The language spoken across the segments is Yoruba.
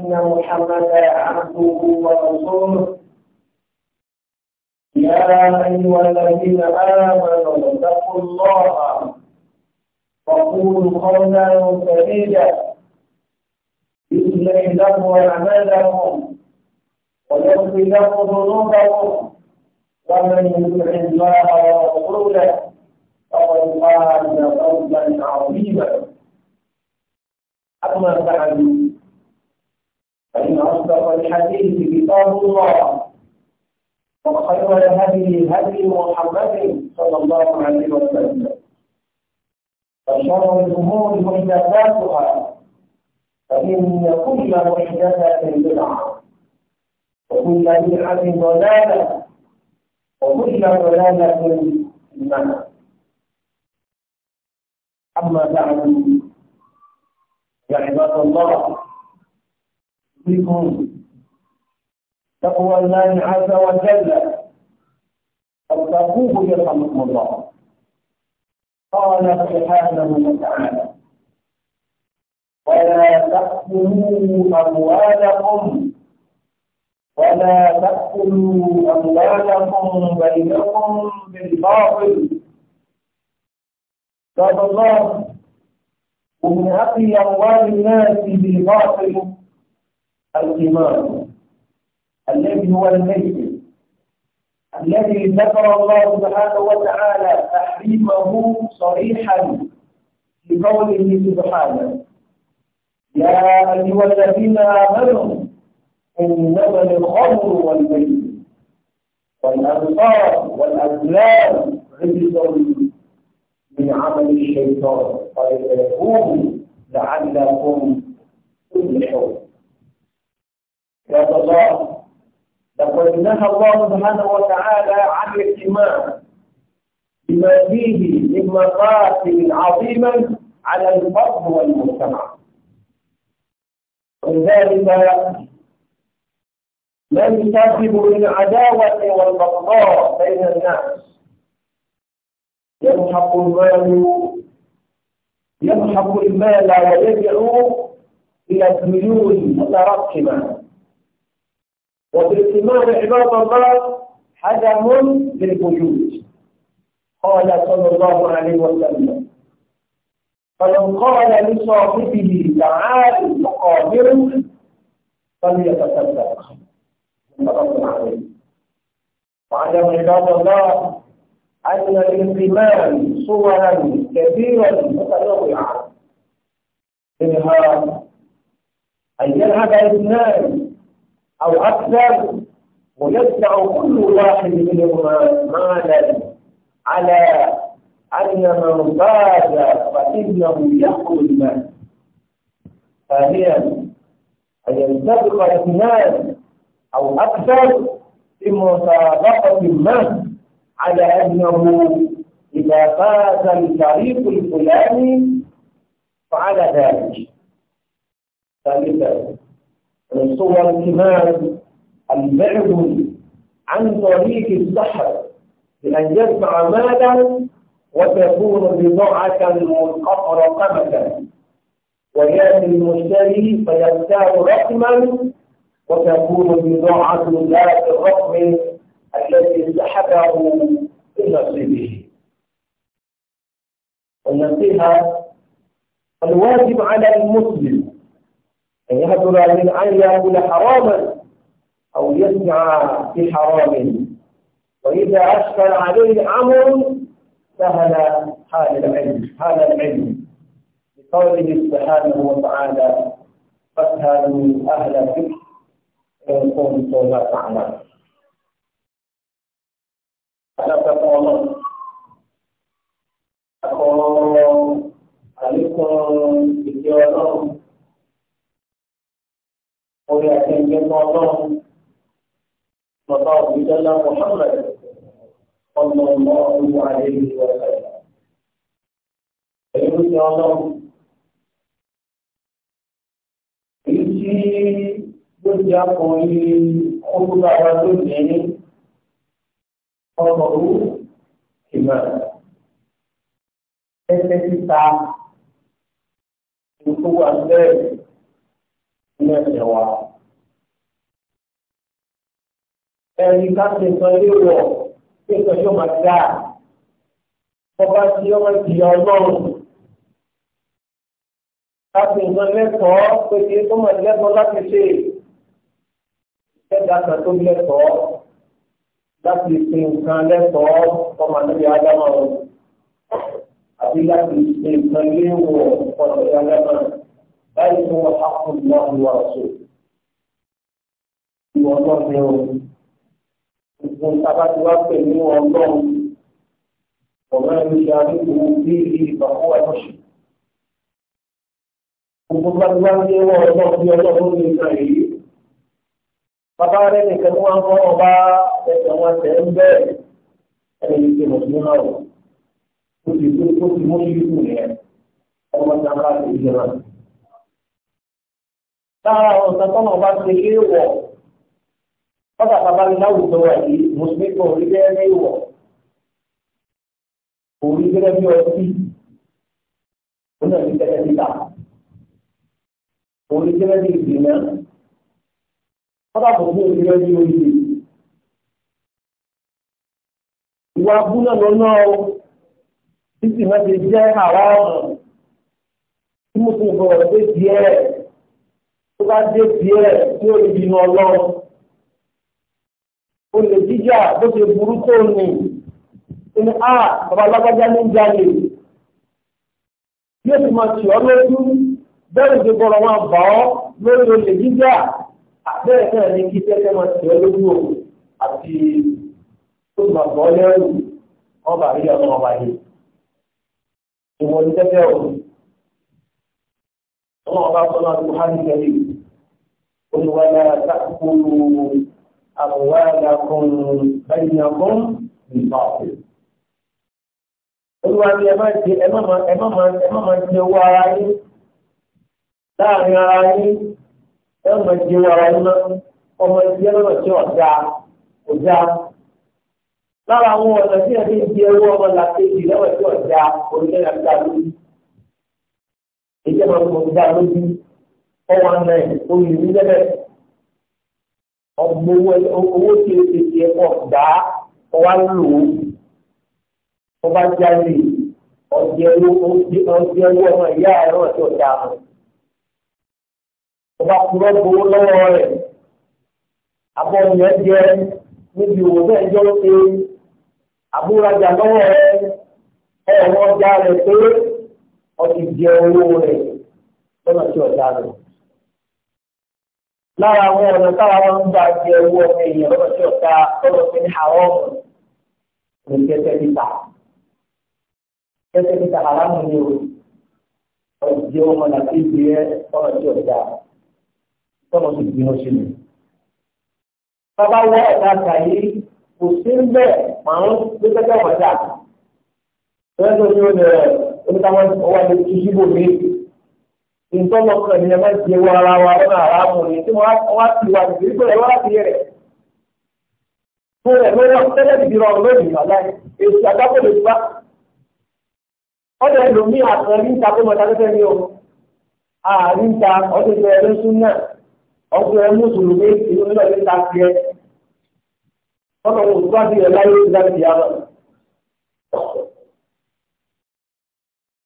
أن محمدا عبده ورسوله يا أيها الذين آمنوا اتقوا الله وقولوا قولا سديدا يصلح لكم أعمالكم ويغفر لكم ذنوبكم ومن يطع الله ورسوله فقد قال قولا عظيما أما بعد فإن أصدق الحديث كتاب الله وخير الهدي هدي محمد صلى الله عليه وسلم وشر الأمور محدثاتها فإن كل محدثة بدعة وكل بدعة ضلالة وكل ضلالة في أما بعد يا عباد الله بكم تقوى الله عز وجل أو تقوه يرحمكم الله قال سبحانه وتعالى ولا تقتلوا أموالكم ولا تقتلوا أموالكم بينكم بالباطل قال الله ومن أقي أموال الناس بالباطل الإمام الذي هو الميت الذي ذكر الله سبحانه وتعالى تحريمه صريحا بقوله سبحانه يا أيها الذين آمنوا إنما الخمر والميت والأنصار والأزلام رجس من عمل الشيطان فإذا لعلكم تفلحون الله لقد نهى الله سبحانه وتعالى عن الاهتمام بما فيه من مقاتل عظيما على الفرد والمجتمع ولذلك لا يسبب للعداوة والبغضاء بين الناس يمحق المال يمحق المال ويدعو إلى الديون متراكمة وبالاستماع عباد الله حدم للوجود قال صلى الله عليه وسلم فمن قال لصاحبه تعال مقابرك فليتصدق وعلم عباد الله أن للقمام صورا كثيرة متنوعة منها أن يذهب الناس أو أكثر ويدفع كل واحد منهما مالا على أن من باد فإنه يأخذ المال ثانيا أن ينتبه اثنان أو أكثر في مسابقة ما على أنه إذا فاز الفريق الفلاني فعل ذلك ثالثا صور الكمال البعد عن طريق السحر بأن يجمع مالا وتكون بضاعة منقرقمة ويأتي المشتري فيختار رقما وتكون بضاعة ذات الرقم الذي سحبه بنصيبه والنصيحة الواجب على المسلم أن يهدر من أن يأكل حراما أو يسمع بحرام وإذا أشكل عليه أمر سهل حال العلم حال العلم بقوله سبحانه وتعالى فاسألوا أهل الفكر إن كنتم لا تعلمون Adapẹ́kọ̀ọ́ náà, aku àlékún ìdí ọlọ́run orí àtẹnudẹ fún ọlọ́run bàbá òbídọ́lá Muhammad ọmọ ọmọ ọmọ àlejò ọ̀sẹ̀. èyí ló ti ọlọ́run. èyí tí ló ti akọrin ọgbọ́n ara tó jẹ́ ọmọ òwú ìgbà ẹsẹ̀ títa ìfowópamọ́ bẹ́ẹ̀. ní ẹ̀sẹ̀ wa. Ẹni ká ṣe sọ ilé wọ̀ pé sọ yóò máa dá ọba tí ọmọ ti yọ ọlọ́run. Ká ṣe sọ lẹ́kọ̀ọ́ pé kí ó máa lẹ́kọ̀ọ́ láti ṣe ẹ̀dá kan tó lẹ́kọ̀ọ́ láti ṣe nǹkan lẹ́kọ̀ọ́ ọmọ àti àdámọ̀ àti láti ṣe nǹkan léwọ̀ ọ̀sẹ̀ àdámọ̀ báyìí ni wọ́n hákù náà ní wàá sọ. Ìwọ náà ni o. Ìgbọ̀n tábà tí wàá pè ní wọn lọ́wọ́. Ọ̀rọ̀ ẹni ṣe àdúgbò bí ìbàkú wà lọ́sẹ̀. Gbogbo tábà wá ní wọn lọ́wọ́ bí ọlọ́run ní ìgbà yìí. Bàbá rẹ̀ nìkan wọn kọ́ ọba ẹ̀sẹ̀ wọn tẹ̀ ń bẹ́ẹ̀. Ẹni ní kí Mùsùlùmí náà wọ̀. Ó ti mú ìlú rẹ̀. Ọmọ sábà ti jẹun lára àwọn ọ̀sán tó náà bá ṣe é wọ̀ ọ̀sán bàbá mi láwùjọ wà yìí mùsùlùmí kan ò rí bẹ́ẹ̀ ní ìwọ̀ kò rí bẹ́ẹ̀ bí ọtí ó náà rí bẹ́ẹ̀ níta kò rí bẹ́ẹ̀ bí ìgbìmọ̀ ọ̀sán kò fún òbí rẹ̀ ní oríire. ìwà abúlé lọ́nà o títí náà ti jẹ́ àwọn ọ̀nà tí mo fi ń bọ̀ ọ́ pé díẹ̀ tó bá dé tiẹ̀ tí ó ibi nu ọlọ́run olè jíjà bó ṣe burú tó ní ní a bàbá alágbájá ní jalè yóò sì máa tì ọ́ lójú bẹ́ẹ̀ ṣe gbọ́dọ̀ máa bà ọ́ lórí olè jíjà bẹ́ẹ̀ náà ní kí tẹ́tẹ́ máa tì ọ́ lójú o àti tó máa bọ́ lẹ́rù ọba àrí ọmọ ọba yìí ìwọ̀n ní tẹ́tẹ́ o. ọmọ ọba sọ́nà àti buhari kẹ́lẹ́ قل ولا تأكلوا أموالكم بينكم بالباطل Olúwa ni ẹ máa ṣe ẹ máa ẹ máa ẹ máa ṣe owó ara yín láàrin ara yín ẹ máa ṣe owó ara yín náà ọmọ ìdí ẹlọ́nà tí ọ̀dà ọ̀dà lára àwọn ọ̀nà tí ẹ fi ń di ẹwọ́ ọmọ làkejì lọ́wọ́ tí ọ̀dà orílẹ̀-èdè àti àlójú. Èyí ẹ̀ máa ń mọ̀ ní àlójú ọwọ́ àná ẹ̀ oyè ní lẹ́bẹ̀ ọgbọ owó tí o ti ti ẹ pọ̀ gbà á ọwọ́ lò ó ọba jáde ọjẹ ọjẹ owó ọmọ ìyá ẹ̀rọ àti ọ̀dà ọba kúrọ́ gbowó lọ́wọ́ rẹ̀ abọ́ yẹn jẹ níbi òwò bẹ́ẹ̀ jọ ṣe àbúrajà lọ́wọ́ rẹ̀ ẹ̀rọ ọjà rẹ̀ pé ọtí jẹ owó rẹ̀ lọ́nà tí ọ̀dà rẹ̀ lára àwọn ọ̀rọ̀ táwa wọn ń bá jẹ owó ọmọ èèyàn lọ́wọ́ tí ọ̀tá ọ̀rọ̀ fi ní àwọn ọ̀rọ̀ ní tẹ́tẹ́ níta. tẹ́tẹ́ níta aráàlú ni o ọ̀jẹ̀ ọmọ làbí ìgbé ẹ ọ̀rọ̀ tí ọ̀tá tọ́mọ sì bí wọ́n ṣe lè. bàbá wọ ẹ̀ka kàyé kò sí ń bẹ̀ ń gbé tẹ́tẹ́ wọ̀n dà. tẹ́tẹ́ ní ẹ̀ oníkàwé ọwọ́ àti ìṣíbò mi ìtọ́lọ́ kan ni ẹ máa ń ti ewu ara wa lọ́nà àràmù ni tí wọ́n wá ti wà ní ìgbésẹ̀ ẹ̀rọ láti yẹ rẹ̀. Fún rẹ̀ ló wọ́n tẹ́lẹ̀ ti rọrùn lónìí wàlá èsì àdápò lè gbá. Ọ̀dọ̀ ẹlòmí àtàn ní ìta kó mọ̀ta tẹ́tẹ́ ní o. Ààrí ń ta ọdún ìgbẹ́ ẹlẹ́ sún náà. Ọdún ẹ mùsùlùmí ìlú nílò ní ta tiẹ̀. Ọ̀dọ̀ òkú wá sí ẹ̀ láyé ìgbàlejò àwọn.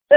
Ṣé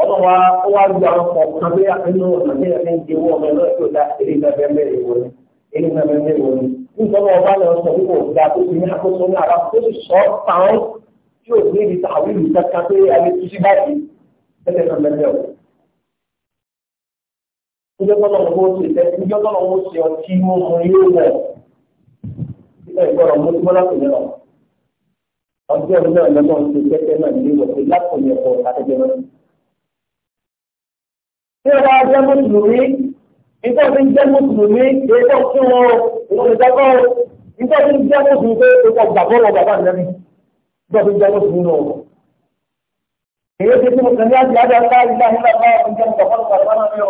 ọlọ́run wa ó wá gba ọkọ̀ kan bí inú ọ̀nà bí ẹni ń jẹ́wọ́ ọmọ ẹlọ́ọ̀ tó dá eré ìgbàgbẹ́ mẹ́rin wọlé eré ìgbàgbẹ́ mẹ́rin wọlé nítorí ọba lọ sọ wípé òkúta tó ti ní àkóso ní àbá tó sì sọ táwọn tí ò ní ibi tàwọn ìlú kankan pé ayé tó sí báyìí ẹsẹ̀ kan mẹ́tẹ̀ o. níjọ́ tó lọ́wọ́ ó ti tẹ́ níjọ́ tó lọ́wọ́ ó ti ọtí mú mu yóò wọ̀ nígbà ìgbọ́rọ̀ mú tí mọ́lá kò ọjọ́ ìlú náà lọ́wọ́ ti tẹ́tẹ́ tí wọ́n á jẹ́ mùsùlùmí nígbà tí ń jẹ́ mùsùlùmí èkó kí wọn èkó lè dákọ́ nígbà tí ń jẹ́ mùsùlùmí pé èkó gbàgbọ́ lọ bàbá ìlẹ́mí nígbà tí ń jẹ́ mùsùlùmí lọ. èyí ti tí mo kàn ní àti àjà ńlá ìlà nígbà tí wọ́n jẹ́ bàbá lọ bàbá náà yọ.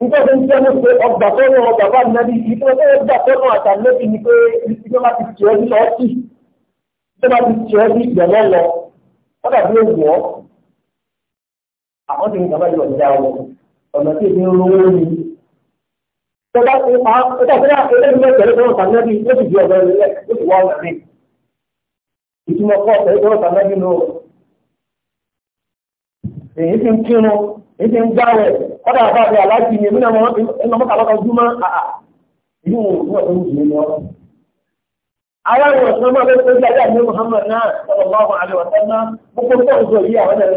nígbà tí ń jẹ́ mùsùlùmí ọgbà tó lọ bàbá ìlẹ́mí ìdí tó lọ gbà tó lọ àtàlẹ́bí ni pé ìdí máa ti tì ọ́ sí lọ́ọ́ àwọn tí nǹkan bá yọ̀ ọ̀dà o ọ̀nà tí èmi ń rówó ni. tọ́lá ti pa ọ̀dà tó dáa ẹlẹ́ni náà tẹ̀lé tọ́lá tàbí nábì ó sì di ọ̀dà ilẹ̀ ó sì wá ọ̀nà mi. ìtumọ̀ kọ́ tẹ̀lé tọ́lá tàbí nábì nù. èyí ti ń kírun èyí ti ń gbá rẹ̀ kọ́dà bá rẹ̀ aláàjì ni èmi náà mọ́ kàlọ́kà ní ọ̀dọ́ àwọn ọ̀sán máa bẹ́ẹ̀ tó ní ọ̀sán náà gbogbo tó ń yìí àwọn ẹ̀rọ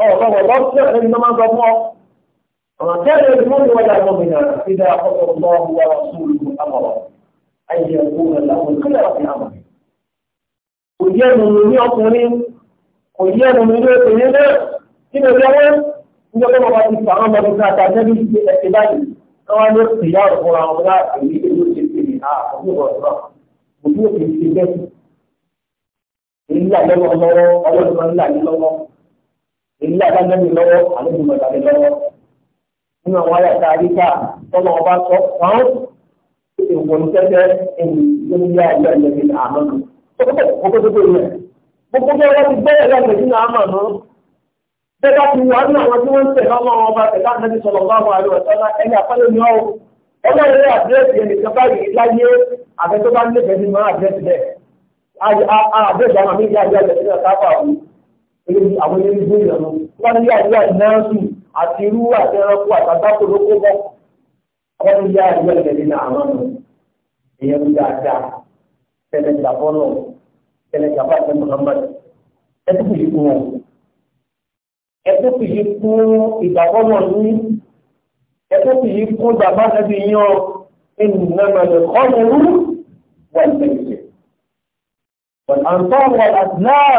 ọ̀rọ̀ ọ̀rọ̀ tí ẹ̀rọ ni máa ń sọ fún ọ. ọ̀rọ̀ tí ẹ̀rọ ni wọ́n ti wáyà lọ mìíràn sí dáa ọ̀pọ̀ ọ̀gbọ́n wa sóòlù àmọ̀rọ̀ ayé ẹ̀kọ́ rẹ̀ láwọn ìkọlẹ̀ ọ̀sẹ̀ àmọ̀. kò yẹ ẹnu ní ọkùnrin kò yẹ ẹnu ní obìnrin náà kí ni ọjọ́ wọn ń jẹ́ kọ́kọ́ ti fà án mọ́tò káàkiri àtẹ́bí ti ẹ̀sẹ̀ báyìí káwọn ló ti yá ọ̀rọ̀ èyí àbájáde lọ́wọ́ àlejò tàbí lọ́wọ́ nínú àwọn ayàtà àríkà tọ́lọ̀ ọba sọ kàn ìwọ̀n tẹ́tẹ́ ẹni tó ní ayé ẹ̀lẹ́bí àmọ́ nù. Gbogbo tó bẹ̀rẹ̀ gbogbo wọ́n ti náà nù. Bẹ́ẹ̀ bá ti wà nínú àwọn tí wọ́n ń ọba àwọn ilé ìgbé ìrànlọ́ wọ́n ní àyíká ìnáàsù àti irú àtẹrànkú àtàkù ló kó bọ́ wọ́n ní yá àyíká ìtẹ̀lé náà àwọn ọ̀nà èèyàn ń dáadáa tẹ̀lé ìjàpọ̀ náà tẹ̀lé ìjàpọ̀ àti Muhammad ẹtú kìí kú wọn ẹtú kìí kú ìjàpọ̀ náà ní ẹtú kìí kú bàbá tẹ̀lé yan ẹnu nàmà lè kọ́ lóru wọ́n tẹ̀lé wọ́n àǹtọ́ wọ́n àti náà.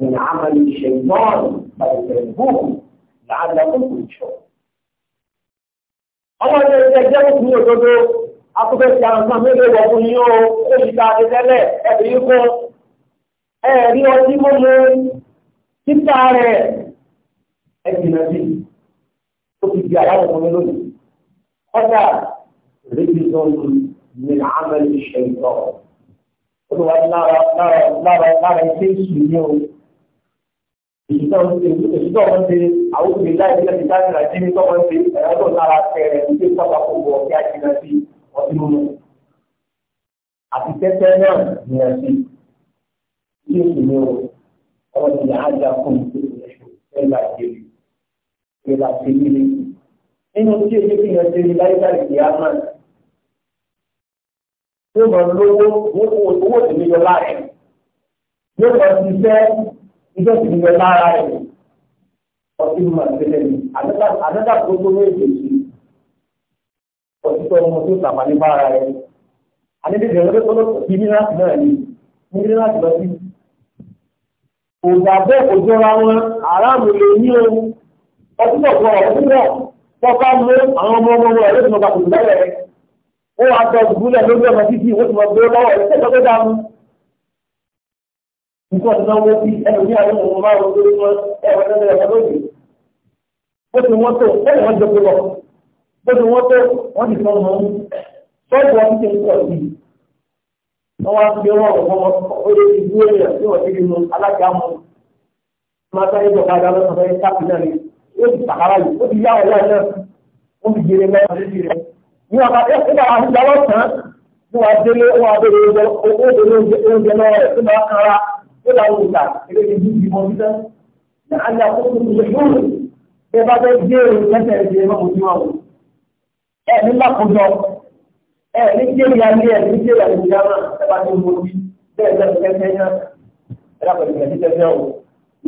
من عمل الشيطان فيتركوه لعلكم تنشرون ọmọ ilé iṣẹ́ jẹ́ òkú òdodo akúfẹ́ ti àwọn ọmọ ilé ìwọ̀ fún yín o ó ti ta àdétẹ́lẹ̀ ẹ̀bí yín kún ẹ̀rí ọtí mímu títà rẹ̀ ẹ̀jìn náà sí ó ti di àyàwó fún mi lónìí kọ́dà rẹ́bí sọ́ọ̀lù ní àmàlẹ́ ìṣẹ̀lẹ̀ sọ̀rọ̀ olùwà lára lára lára lára iṣẹ́ ìṣù ní o ìṣùtọ́ wọn ṣe àwọn òbí láì ní ẹni láti wọn ṣe ẹ̀rọ lára tẹ̀rẹ̀ ní pápá gbogbo ọ̀kí àjìnà sí ọtí mímu àti tẹ́tẹ́ náà nìyẹn sí iṣẹ́ ìṣù ní o ọmọ ìyá ajá fún mi tó ti ṣe ẹgbà ìdílé ìgbà ìdílé nínú tí èyí fi hàn sí ní láyé láì kí á máa tí ó máa lówó owó sì ní yọ lára ẹ̀ yóò kọ́ sí iṣẹ́ iṣẹ́ sì ní yọ lára ẹ̀ ọtí mú àtẹlẹ ní àdẹ́dà tó tó ní èdè sí ọtí tó ọmọ tó tàpá ní bára ẹ̀ àdẹ́dẹ́dẹ́ ọdún tó lọ́pọ̀ sí ní láti náà ní ní láti lọ sí. Ògbà bẹ́ẹ̀ kò jọra wọn aráàlú lè ní ohun ọtí tó kọ ọtí náà tọ́ka mú àwọn ọmọ ọmọ rẹ̀ lóṣù náà kò sí ó wàá gbọ́ ìdúgbòlẹ̀ lórí ọmọ títí ó ti gbé lọ́wọ́ rẹ̀ tẹ́tọ́ tó dáa mú. nǹkan ọ̀dọ́ náà wọ́n fi ẹnu ní àwọn ọmọ máa wọ́n lórí wọn ẹ̀rọ tẹ́lẹ̀ ẹ̀rọ lóde. ó ti wọ́n tó ẹ̀rọ wọn jẹ́ pẹ́lọ́ ó ti wọ́n tó wọ́n ti sọ́nù wọn sọ́ọ̀bù wọn ti ń pọ̀ sí i. wọ́n wá gbé wọn ọ̀pọ̀ ó lè fi dúró rẹ̀ tí wọ́n ti rí alága mu. máa sáré bọ̀ lọ́sọ̀rọ̀ yẹn káàpì náà ni ó ti sàkárà yìí ó ti yá ọ̀rẹ́ náà ó ti jèrè mẹ́ta lé ní ọ̀gá tó kúbà àṣìjà lọ́sàn-án ní wàá délé wọn abẹ́rẹ́ oúnjẹ oúnjẹ lọ́wọ́ rẹ̀ tó máa kanra tó bá wù gbà èdè ìlú ìmọ̀ títẹ́ ní àyè àkókò ìlú lóru bí ẹ bá fẹ́ gbé èrò lẹ́sẹ̀ ìdí ẹ̀rọ ojú wọn wò. ẹ ní lákòójọ ẹ ní jẹ́rìí alẹ́ ẹ ní jẹ́rìí alẹ́ ìyá náà ẹ bá ní mo bí bẹ́ẹ̀ bẹ́ẹ̀ bẹ́ẹ̀ bẹ́ẹ̀ yẹn ẹ lápẹ̀ ìgbà títẹ́ fẹ́ o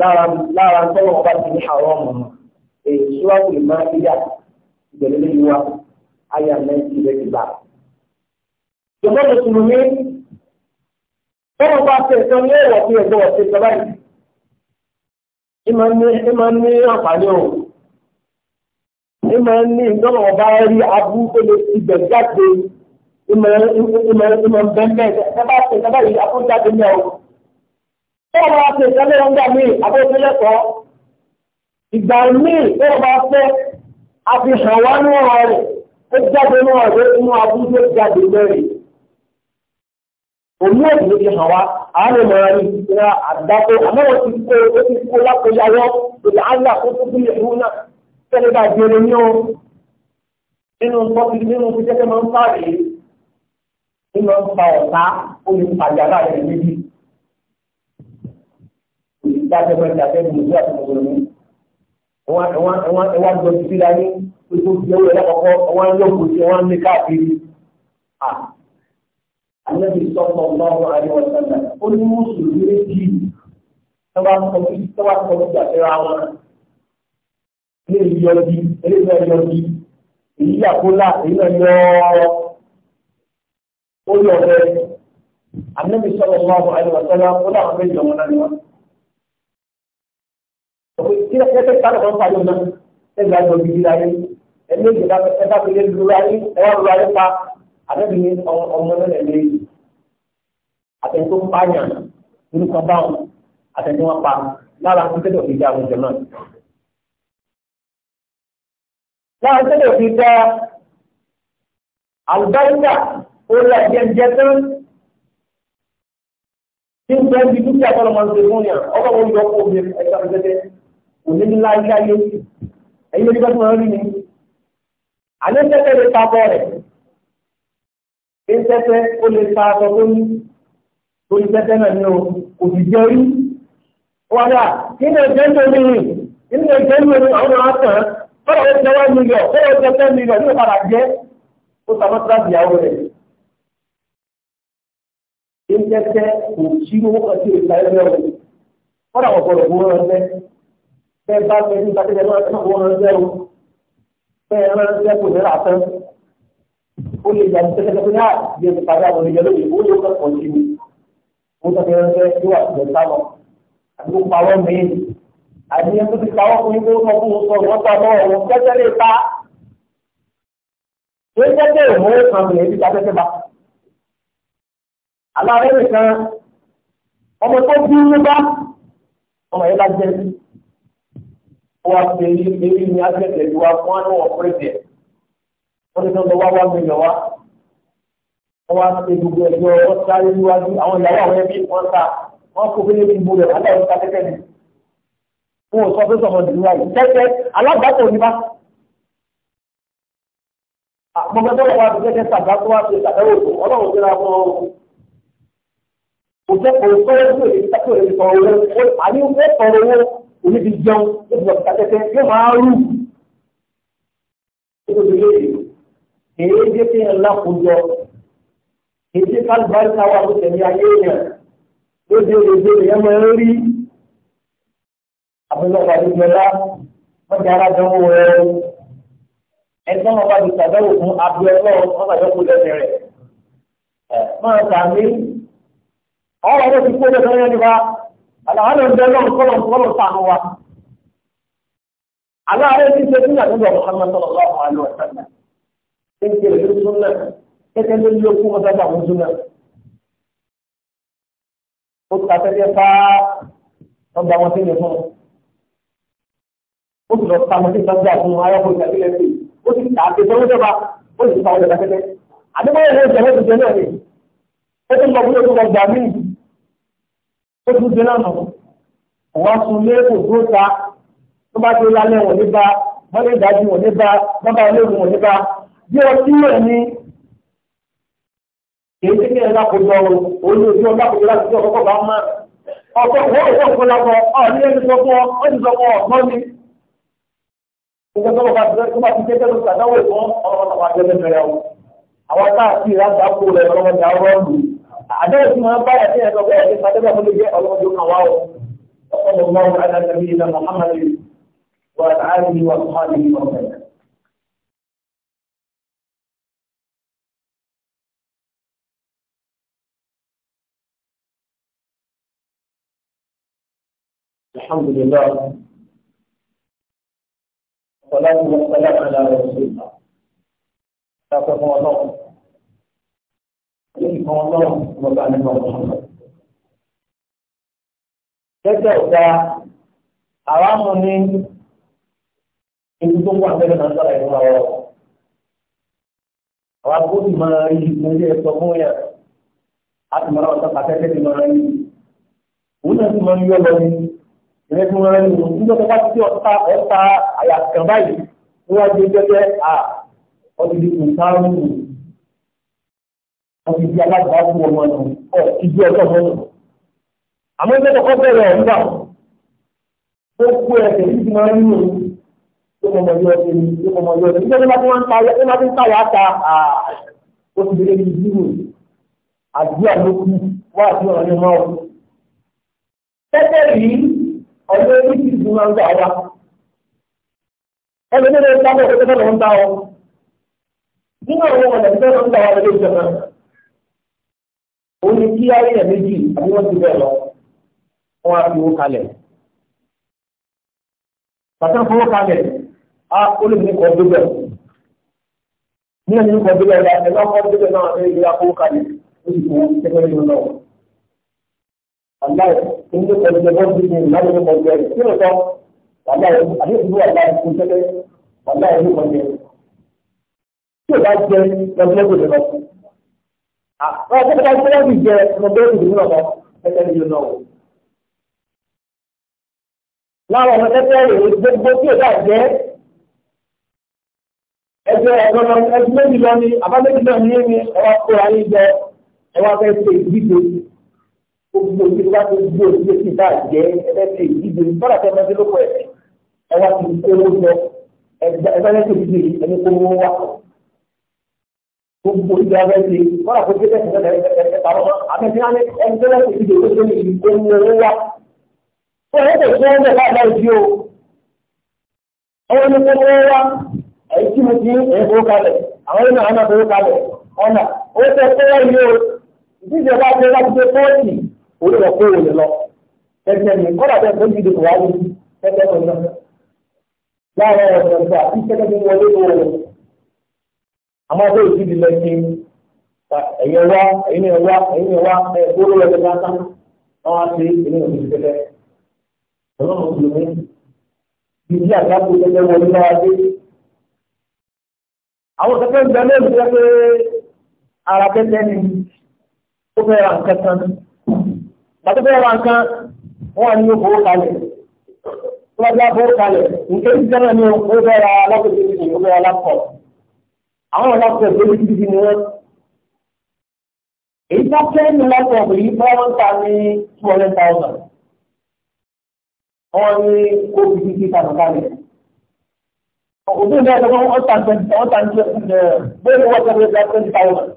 lára lára tọ́lọ́ ayé àmẹ́sì rẹ̀ ti gbà. Ṣùgbọ́n mùsùlùmí tọ́wọ́ bá ṣe ìtàn ní ẹ̀wọ̀ fún ẹ̀gbọ́n ọ̀sẹ̀ ìjọba yìí. Ìmọ̀ ní àǹfààní o. Ìmọ̀ ní ìjọba ọba rí abú tó lè ti bẹ̀ jáde. Ìmọ̀ bẹ́ẹ̀ ẹ̀bá ṣe ìjọba yìí àkójáde ní ọ̀rọ̀. Tọ́wọ́ bá ṣe ìtàn ní ọ̀gá mi àbójúlẹ̀kọ́. Ìgbà míì tọ́wọ́ bá fẹ́ àfihàn wá ní ọ̀rọ̀ rẹ̀ ó jáde náà rẹ inú abúlé jáde mẹ́rin òun náà ló fi hàn wá àárẹ̀ mọ̀ra ní ìtura àdáko àmọ́ wọn ti kó o ti kó lákòyàwó lórí àlà tó tó bí ìlú náà tẹ́lẹ̀ bá di ẹni yóò nínú tọ́kì nínú tó jẹ́kẹ́ máa ń fà rèé ní máa ń fa ọ̀tá olùpàjà láàrin méjì olùdájọ́ mẹ́ta tẹ́lẹ̀ mọ̀ sí àtúntò ní wọ́n wọ́n wọ́n wọ́n jọ sí láyé tó fi owó ẹlẹ́kọ̀ọ́kọ́ wọ́n ń lókun tí wọ́n ń ní káàkiri. Àlẹ́bí sọ́kọ̀ lọ́wọ́ àríwọ̀sẹ̀lẹ̀ ó ní mùsùlùmí méjì tọ́wọ́ sọ bí tọ́wọ́ sọ bí àtẹ́ra wọn. Ilé ìyọ̀dí, ilé náà yọ̀dí, èyí àkólà, èyí náà yọ ó yọ ọ̀rẹ́. Àlẹ́bí sọ́kọ̀ lọ́wọ́ àríwọ̀sẹ̀lẹ̀ ó láwọn fẹ́ yọ̀ wọn náà wọn. Kí ló kẹ́kẹ́ sáré kan pariwo náà? Ẹ ẹni ìjọba ẹgbà tó lé lu ayé ẹwà lu ayé pa àbẹ́bí ọmọ náà lè yí àtẹ̀tò pààyàn nínú kan báwọn àtẹ̀tò wọn pa lára ń tẹ́lẹ̀ òfin jẹ́ àwọn ìjọ náà. lára ń tẹ́lẹ̀ òfin jẹ́ àlùbáríkà ó lọ jẹjẹ tán tí ń bẹ́ẹ̀ bí dúkìá tọ́lọ́ máa ń ṣe fún yàn ọkọ̀ wọn yọ ọkọ̀ obìnrin ẹ̀ka ọ̀gẹ́dẹ́ òní ńlá ilé ayé ẹ̀yìn ẹ̀dígbàtúmọ̀ rí ni àlẹ́ tẹ́tẹ́ lè ta bọ́ rẹ̀ ní tẹ́tẹ́ ó lè ta aṣọ tó ní tó ní tẹ́tẹ́ náà ní o kò sì jẹ́ rí wàdà nínú ẹ̀jẹ̀ ń tóbi rìn nínú ẹ̀jẹ̀ ń tóbi àwọn ọmọ àtàn fẹ́rẹ̀ ó jẹ́ wọ́n mílíọ̀ fẹ́rẹ̀ ó jẹ́ ten mílíọ̀ ní ìpadà jẹ́ ó ta mọ́tò láti ìyàwó rẹ̀ ní tẹ́tẹ́ kò sí owó kan sí ìta ẹgbẹ́ rẹ̀ fọ́nà ọ̀pọ̀lọpọ̀ wọn rẹ̀ bẹ́ẹ̀ bá fẹ́ ní ìta bẹ́ẹ̀ ẹran ṣẹ́kù náírà tán ó lè yàtọ̀ tẹ́tẹ́tẹ́ pé náà bí o ti parí àwọn ìjọ lóye ó yóò kẹ́kọ̀ọ́ sí mi ó tọ́ fi ránṣẹ́ yóò wà sílẹ̀ sáwọ̀ àti ó pawọ́ mìíràn àti ẹni tó ti pawọ́ fún yín pé ó kọ́ fún un sọ wọ́n pa mọ́ ọ̀rọ̀ tẹ́tẹ́ lè pa tó ń tẹ́tẹ́ ìmọ̀ ẹ̀kan mi ẹ̀bí ta tẹ́tẹ́ bá. aláàrẹ̀ nìkan ọmọ tó bí ń bá ọmọ yẹn bá jẹ́ wá pé ebi ni agbẹ̀tẹ̀ ju wa fún àwọn ọ̀pẹ̀tẹ̀ wọ́n ti sọ́dọ̀ wá wá mílíọ̀n wá wọ́n wá pé gbogbo ẹ̀jọ́ wọ́n sáré níwájú àwọn ìyàwó àwọn ẹbí wọ́n ta wọ́n kó fún ebi ìbò rẹ̀ aláwọ̀ ta tẹ́tẹ́ ni wọn ò sọ pé sọmọ dùn wáyé tẹ́tẹ́ alágbàtọ̀ ní bá. àpọ̀gbẹ́ tó wà ní tẹ́tẹ́ sàgbà tó wà sí ìsàdáwò tó ọlọ́run ti ra fún ọ òjò kò sọ́wọ́ sí òye oníbi jẹun yóò lọ sí tẹ́tẹ́ yóò máa rú nínú ilé ìlú èyí jẹ́ kí ẹ̀ ńlá kó jọ èyí jẹ́ kálùbáríkà wà ló tẹ̀lé ayé yẹn lóde òde yẹn máa ń rí àbúlọ̀pọ̀ àdìgbẹ́lá wọ́n ti ara dánwó rẹ̀ ẹgbẹ́ wọn bá ti sàbẹ̀wò fún abúlé ọlọ́run wọn bá yọ lẹ́sẹ̀ rẹ̀ máa tà mí ọ̀rọ̀ ló ti kó lẹ́sẹ̀ rẹ̀ nípa. أنا أنا أنا أنا أنا أنا أنا أنا أنا أنا أنا أنا أنا أقول أقول أقول أقول أقول أقول أقول أقول أقول أقول أقول أقول لك لك لك لك لك لك لك لك لك لك لك لك لك العالم دائما صلى الله عليه وسلم على عائلة سيدنا محمد صلى الله عليه وسلم انت لجل سنة اتن اللي يقوم دابا وزنة قد قتل يسا صدى وسين يسون قد قتل يسا مكي صدى وسين ما يقول كبير في قد قتل يسا مكي دابا قد قتل يسا مكي دابا عدما يقول جهاز الجنة اتن بقول يسا مكي دابا ó tún ṣe lánàá ọ̀wá sun lé kò dúró ta tó bá tó lálẹ́ wọ̀ níbà mọ́lẹ́ ìdájú wọ̀ níbà bàbá olóògùn wọ̀ níbà bí ọtí rẹ̀ ni kì í ṣe kí ẹ lákòjọ olú ojú ọlá kòjọ láti ṣe ọkọ̀ bá máa ọkọ̀ wọ́n ò wọ́n fún ọkọ̀ ọ̀ ní ẹni sọ fún ọ ó ti sọ fún ọ̀gbọ́n ni. Ìjọba tó bá ti fẹ́ tó bá ti fẹ́ tó ṣàdáwò ìfọ́n ọlọ́mọdé àwọn àjẹmẹ́fẹ́ rẹ̀ o. Àwọn táà sí ìrántà kó rẹ̀ ọlọ́mọdé àwọn ọ̀rọ̀ lù. àdáwò tí wọ́n bá yà sí ẹ̀rọ bẹ́ẹ̀ ní padàbà fún mi jẹ́ ọlọ́dún náà wáwọ̀ ọ̀pọ̀lọpọ̀ ọmọ ọmọ aláàbí ilẹ̀ Muhammad wa àtàlẹ́ wa sọ́hánì wa sọ́hánì. الحمد لله والصلاة والسلام على رسول الله. nǹkan ọlọ́run ló bá nípa ọ̀sán. Tẹ́tẹ́ ọ̀gá àwa mú ní ibi tó wà lẹ́nu náà sọ̀rọ̀ ìlú ọ̀rọ̀. Àwa kó sì máa rí ìpín ilé ẹ̀sọ́ fún yẹn. A sì máa ọ̀sán pàtẹ́kẹ́ ti máa rí. Òun náà sì máa ń yọ lọ ní ìrẹ́ tó bá ti ọ̀tá ọ̀tá àyàkàn àti ibi alágbàá fún ọmọ nù ọ ibi ọjọ́ mọ́ nù. àmọ́ ẹgbẹ́ tó kọ́ bẹ̀rẹ̀ ọ̀gbà ó kú ẹsẹ̀ tí ti máa ń lò ó mọ̀mọ́ yọ ọ́ ní ó mọ̀mọ́ yọ ọ́ ní ìjọba tí wọ́n ń tayọ ó máa ń tayọ àta ó ti bẹ̀rẹ̀ ní zero àdúrà ló kú wá àti ọ̀rọ̀ ní ọmọ ọ̀hún. tẹ́tẹ́ yìí ọ̀dọ́ ní ti ti máa ń gbà wá ẹgbẹ́ tó ń tábọ̀ tó tẹ́tẹ́ lọ́ ń ta ọ nínú ó ní kí ayé méjì àbí wọ́n ti bẹ̀ lọ wọ́n á fi owó kalẹ̀. bàtà fowó kalẹ̀ á ó lè ní kọ́ débẹ̀ ní ẹni ní kọ́ débẹ̀ la ẹ̀ lọ́kọ́ débẹ̀ náà ẹ̀ lè fowó kalẹ̀ ó sì fowó tẹ́lẹ̀ yóò lọ. aláì tó ní kọ́ débẹ̀ bọ́ọ̀dù ní ìlànà ní kọ́ débẹ̀ kí ló sọ aláì àbí ìlú aláì kò tẹ́lẹ̀ aláì ní kọ́ débẹ̀ tí ò bá jẹ lọ́sọ̀ọ́sọ̀ àwọn ah, ọ̀sẹ̀ kíkà ìṣẹ́lẹ̀ ti jẹ ọmọ bẹ́ẹ̀ ìdìbò náà lọ ẹsẹ̀ ìdìbò náà wò. láwọn ọmọ tẹ́tẹ́ rèé gbogbo tí òkà jẹ́ ẹgbẹ́ ọ̀gbọ́n ẹgbẹ́ méjì lọ ní àbámẹ́jì náà ní ẹni ẹwà kó ayé jẹ ẹwà fẹ́ ṣe ìdíje gbogbo tí wọ́n ti gbé òṣìṣẹ́ sí ìta jẹ́ ẹgbẹ́ ṣe ìdíje bọ́dà tẹ́ mọ́ sí lóko ẹ̀ ẹwà ti kó owó jọ ẹgbẹ́ ẹgbẹ́ ṣe ìdíje ẹni kó owó wá gbogbo ìgbà rẹ̀ ti kọ́ra kó jẹ́ ẹ̀sìn lọ́dẹ̀ ẹ̀pàrọ̀ àtẹ̀síwájú ẹni tó lọ́dẹ̀ ìdè tó tó ní ìgbóhùn owó wá. Ṣé ẹ̀ tẹ̀sí ẹ̀ lọ́dẹ̀ láàbá ìdí o? Ọwọ́ ní kó wọ́n wá èyí tí mo ti ẹ̀ fowó kalẹ̀ àwọn ẹ̀nà àná fowó kalẹ̀ ọ̀nà ó tẹ kó wá yìí o. Ìdíje bá tẹ láti tẹ fọ́ọ̀tì orí rẹ̀ kó wò lọ. Ẹ̀sẹ̀ mi kọ́ra tẹ tó ti dìbò wá wọ àmọ́ ọjọ́ ìdí di lọ sí ẹ̀yẹ wá ẹ̀yìn ẹ̀ wá ẹ̀yìn ẹ̀ wá ẹ̀ kóró lọ sí lásán wọ́n á ṣe ìní òbí tẹ́tẹ́ ọlọ́run ló ní ìdí àgbàpọ̀ tẹ́tẹ́ wọlé náà dé. àwọn tẹ́tẹ́ ń bẹ lóòrùn tẹ́tẹ́ pé ara tẹ́tẹ́ ni ó fẹ́ ra nǹkan kan bàtẹ́ fẹ́ ra nǹkan wọ́n á ní owó kalẹ̀ tó bá dé abọ́ kalẹ̀ nǹkan ìjọba àwọn ọlọ́pàá tó ti di ni wọ́n. èyí tó kẹ́ ní lọ́pọ̀ọ̀pù yìí fẹ́ wọ́n ta ní two hundred thousand. wọ́n ní kó fi kíkí kanú kalẹ̀. òbí ìlú ẹ̀dọ́ wọ́n ta wọ́n ta ní bẹ́ẹ̀ ni wọ́n tẹ̀lé ẹ̀dá twenty thousand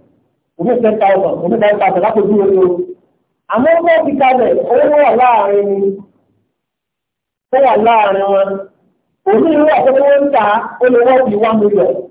òbí ten thousand òbí nine thousand lápòjú orí o. àmọ́ wọ́n ti kalẹ̀ owó wà láàrin owó wà láàrin wọn. òbí ìlú ẹ̀dọ́ wọ́n ta ó million.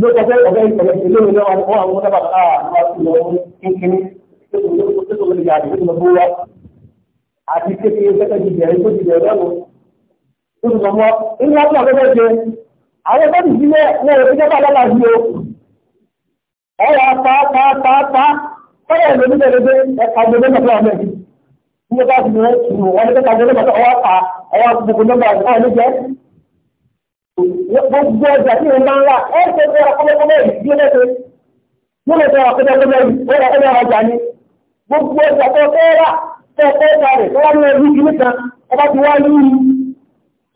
ló sọ pé ọ̀gá ìpẹ̀lẹ̀ ìlú ìlú àwọn àwọn àwọn ọ̀dọ́bà àwọn ìlú kínkínní tó tó lè yàgò tó lè bó wa àti kékeré gẹ́gẹ́ bí bẹ̀rẹ̀ tó ti bẹ̀rẹ̀ lọ́wọ́ tó ti sọmọ inú wọn náà gẹ́gẹ́ jẹ àwọn ẹgbẹ́ ìdí lẹ́ wọn ò fi jẹ́ bàbá láti o ọ̀rọ̀ pa pa pa pa fẹ́rẹ̀ ló ní bẹ̀rẹ̀ dé ẹ̀ka gbogbo náà fúlà mẹ́rin ní ọba ti rẹ̀ tù wọ́n ní kẹ́kẹ́ gbogbo ọjà tí mo máa ń rà ẹ ṣe fẹ́ akọ́mọ́kọ́mọ́ yìí bí ó lẹ́sẹ̀ yóò lè fẹ́ akọ́mọ́kọ́mọ́ yìí ó lè fẹ́ ọjà ni gbogbo ọjà tó fẹ́ rà tó fẹ́ ta rẹ̀ tó wá ní ẹbí kìíní kan ọba ti wá ní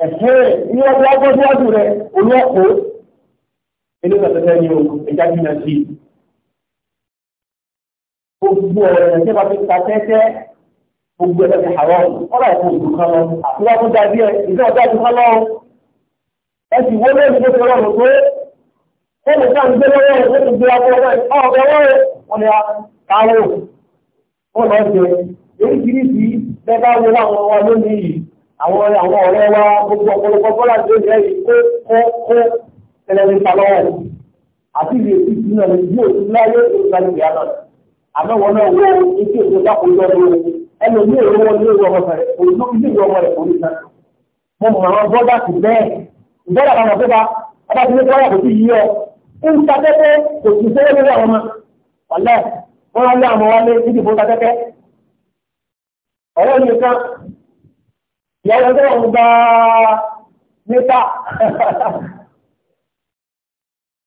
ẹ̀fẹ́ ní ọjọ́ ọgọ́dúnwájú rẹ̀ olú ọ̀pọ̀ ilé ìgbàsẹ̀fẹ́ ni o ẹja bí na sí gbogbo ọ̀rẹ́ tí wọ́n ti ta tẹ́tẹ́ gbogbo ẹ̀ ẹ sì wọ́n lórí tó ti rọrùn pé ó lè ká ń gbé lọ́wọ́ rẹ̀ ó ti gbé akọ́lọ́wọ́ rẹ̀ ọ̀gá wọ́n rẹ̀ wọ́n lè káwọ́ ó lọ jẹ oríṣiríṣi bẹ́ẹ̀ wọ́n láwọn wa lónìí yìí àwọn àwọn ọ̀rẹ́ wa gbogbo ọ̀pọ̀lọpọ̀ bọ́lá tó yẹ kó kó kó tẹlẹmíta lọ́wọ́ àti ìlú èsì ti náà lè yí òsì láyé òsì ìyá náà àmọ́ wọn náà wọ etí òsì dákò ìgbọ́dọ̀ àwọn ọ̀gbọ́dọ̀ ọba tí ó kọ́ ọ̀pọ̀ sí yíyọ ń ta tẹ́tẹ́ kò sì sẹ́yẹ́ lórí àwọn ọmọ ọ̀lẹ́ wọ́n wá lé àwọn wá lé níbi ìbò ta tẹ́tẹ́ ọ̀rẹ́ mi kan ìyàwó ẹgbẹ́ ọ̀hún gba mẹ́ta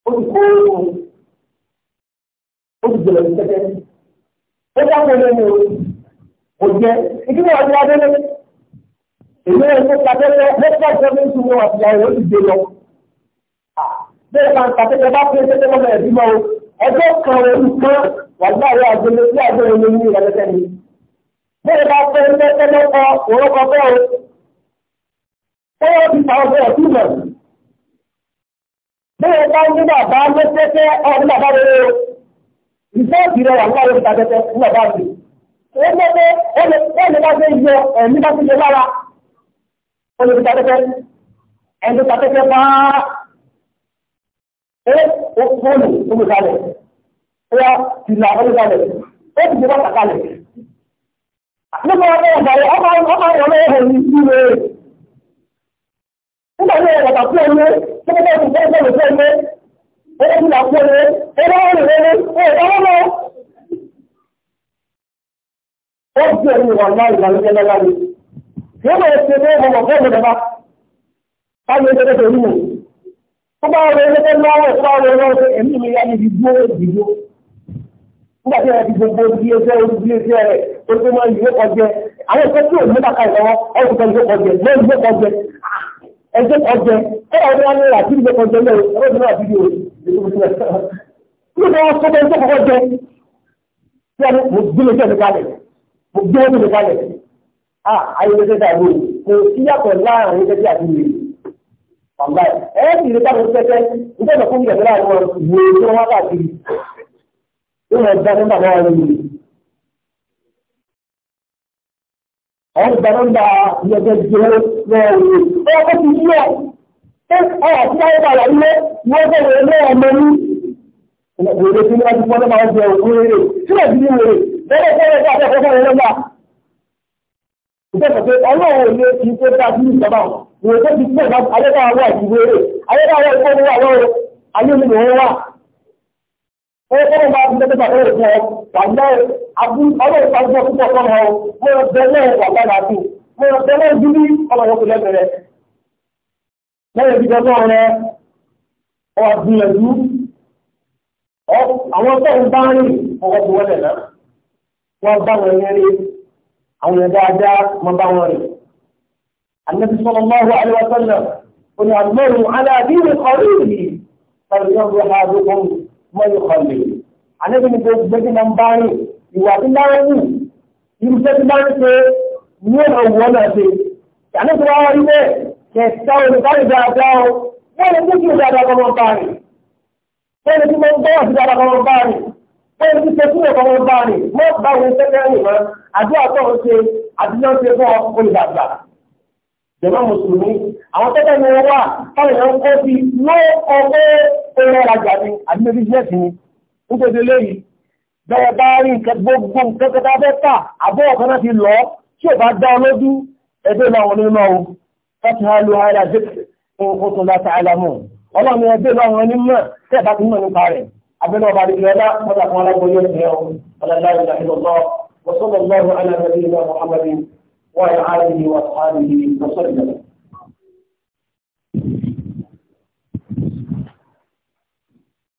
ó ti kó ó ti jẹ̀lẹ̀ ní jẹ́ ìdílé èmi ẹ̀ ní kàtẹ́kẹ́ mẹ́fà sẹ́mi tún wọn àti àwọn olùgbé lọ. bẹ́ẹ̀ máa ń kàtẹ́kẹ́ bá pé tẹ́tẹ́ lọ́mọ ẹ̀bí mọ́ o ẹjọ́ kan ẹ̀rù kan wà láàrin àgbélé tí àgbélé ní ní ìrẹ́lẹ́tẹ́ ni. bẹ́ẹ̀ bá pé tẹ́tẹ́ lọ́kọ òrókọ bẹ́ẹ̀ o. bẹ́ẹ̀ ti pa ọgbẹ́ bá ní bàbá bàbá rẹ̀ o. ìfẹ́ẹ̀tì rẹ̀ wà láàrin ìtàkẹ́tẹ́ ó lè fi tatẹ́tẹ́ ẹni tó tatẹ́tẹ́ pàá ẹ ó fóònù tó mú kalẹ̀ ó yá tìlà ó mú kalẹ̀ ó ti gbọ́ kàkalẹ̀. nígbà Apa yang bàrẹ̀ ọmọ ọmọ ọmọ ẹ̀hẹ̀ ní ìlú rẹ̀ nígbà wọn bẹ̀rẹ̀ bàtà fún ẹni tó bẹ̀rẹ̀ fún ẹni tó bẹ̀rẹ̀ fún ẹni ó ti là fún ẹni ó bá wọn lè lé ó bá wọn lọ. ó ti ẹni wà láì ìbànújẹ́ lọ́la ni yóò lọ ṣe bó ọmọ ọgbọ́n ọgbọ́n bá báyìí ó tẹ́tẹ́ torí wọn tó bá wọlé ẹgbẹ́ lọ́wọ́ tó bá wọlé lọ́wọ́ ẹ̀mí mi yá níbi gbó ìdìbò nígbà tí ẹ ti gbogbo bí ẹsẹ̀ orí bí ẹsẹ̀ rẹ̀ tó tó máa ń yíwó kọjẹ àwọn ìfẹ́ tí ò ní bàkà ìlọ́wọ́ ọ̀rùn kan yíwó kọjẹ lẹ́yìn yíwó kọjẹ ẹjẹ kọjẹ ẹ̀rọ ọdún wa ní àti ìgbẹ́ kọjẹ lẹ́yìn ẹ̀rọ ọdún wa bíbí òní kí ló wọ́n tó bẹ́ẹ̀ tó kọ́kọ́ jẹ tí wọ́n mú gbé lójú ẹ̀ à ayélujára dàbò kò síyàtọ̀ láàrin tẹ́tẹ́ àti wèrè ọ̀gá ẹ̀ ẹ́ sì lè táwọn tẹ́tẹ́ nígbà tó fún ìjọba àwọn wèrè tí wọ́n wá káàkiri ó lọ gba nọ́mbà náà wọn wèrè. àwọn gba nọ́mbà yẹ̀gẹ̀ jẹ́ náà wèrè ó kó ti yí ọ̀ ẹ ọ̀rọ̀ tí wọ́n bá wà ilé wọ́n fẹ́ wèrè náà ọmọ ní. wèrè tí wọ́n ti fọ́n náà máa ń jẹ òkú rere tí wọ́n ti ní wèrè ìjọba pé ọlọ́run ò ní kí n tó bá sí ìjọba òun tó ti pọ̀ náà ayédá àwọn ìdíwé rẹ̀ ayédá àwọn ìkọ́ ní àwọn ayé mi lòun wà. Owó tó ń bá ti tẹ́tẹ́ pàtó rẹ̀ fún ọ, wà ní abú ọlọ́run tó ń bọ̀ púpọ̀ fún ọ, mo rẹ̀ bẹ̀rẹ̀ wà lára sí, mo rẹ̀ bẹ̀rẹ̀ ojú ní ọlọ́run tó lẹ́bẹ̀rẹ̀. Lẹ́yìn ìdíjọ náà rẹ̀, ọ gbìyànjú, àwọn tó ń bá rìn ọwọ́ ti wọlé náà, wọ́n bá wọn yẹn rí àwọn èèyàn dáadáa mọ bá wọn rìn anabi sallallahu alaihi wa sallam ó ní àgbẹ̀rù aláàbíyẹ kọrí ìlì kọlùyọ̀ bí ha ló kọ́ mọ́yì kọlù anabi ní gbogbo gbẹ́dì máa ń bá rìn ìwà tí bá wù irúfẹ́ tí bá ṣe ní ọ̀wọ́ náà ṣe anabi wá rí bẹ́ẹ̀ kẹta olùkárí dáadáa ó wọ́n lè mú kí o dáadáa kọ́ mọ́ bá rìn wọ́n lè mú kí o dáadáa kọ́ mọ́ bá rìn ẹni tí ṣe fún ọ̀pọ̀ wọn bá rìn mọ́ bá wọn tẹ́tẹ́ rìn mọ́ àdúrà tó ń ṣe àdúrà ṣe fún olùdàgbà. Jẹ̀mọ́ Mùsùlùmí, àwọn tẹ́tẹ́ ni wọ́n wà táwọn èèyàn kọ́ sí ló ọgbẹ́ ẹ̀rọ ìrajà ni àbí ní bísíẹ̀sì ni. Nítorí eléyìí, bẹ́ẹ̀ bá rí nǹkan gbogbo nǹkan kẹta fẹ́ tà àbọ̀ ọ̀kan náà ti lọ tí ò bá dá ọ lójú ẹgbẹ́ lọ́wọ́ nínú ọ̀hún. Fọ́tí ha lu ara jẹ́ òkú tó láta àlámù. Ọlọ́run ẹgbẹ́ lọ́wọ́ nínú náà tẹ́ẹ̀ bá ti mọ̀ nípa rẹ̀. عبدنا وبعد لا مدح ولا بنيه ولا لا اله الا الله وصلى الله على نبينا محمد وعلى اله واصحابه وسلم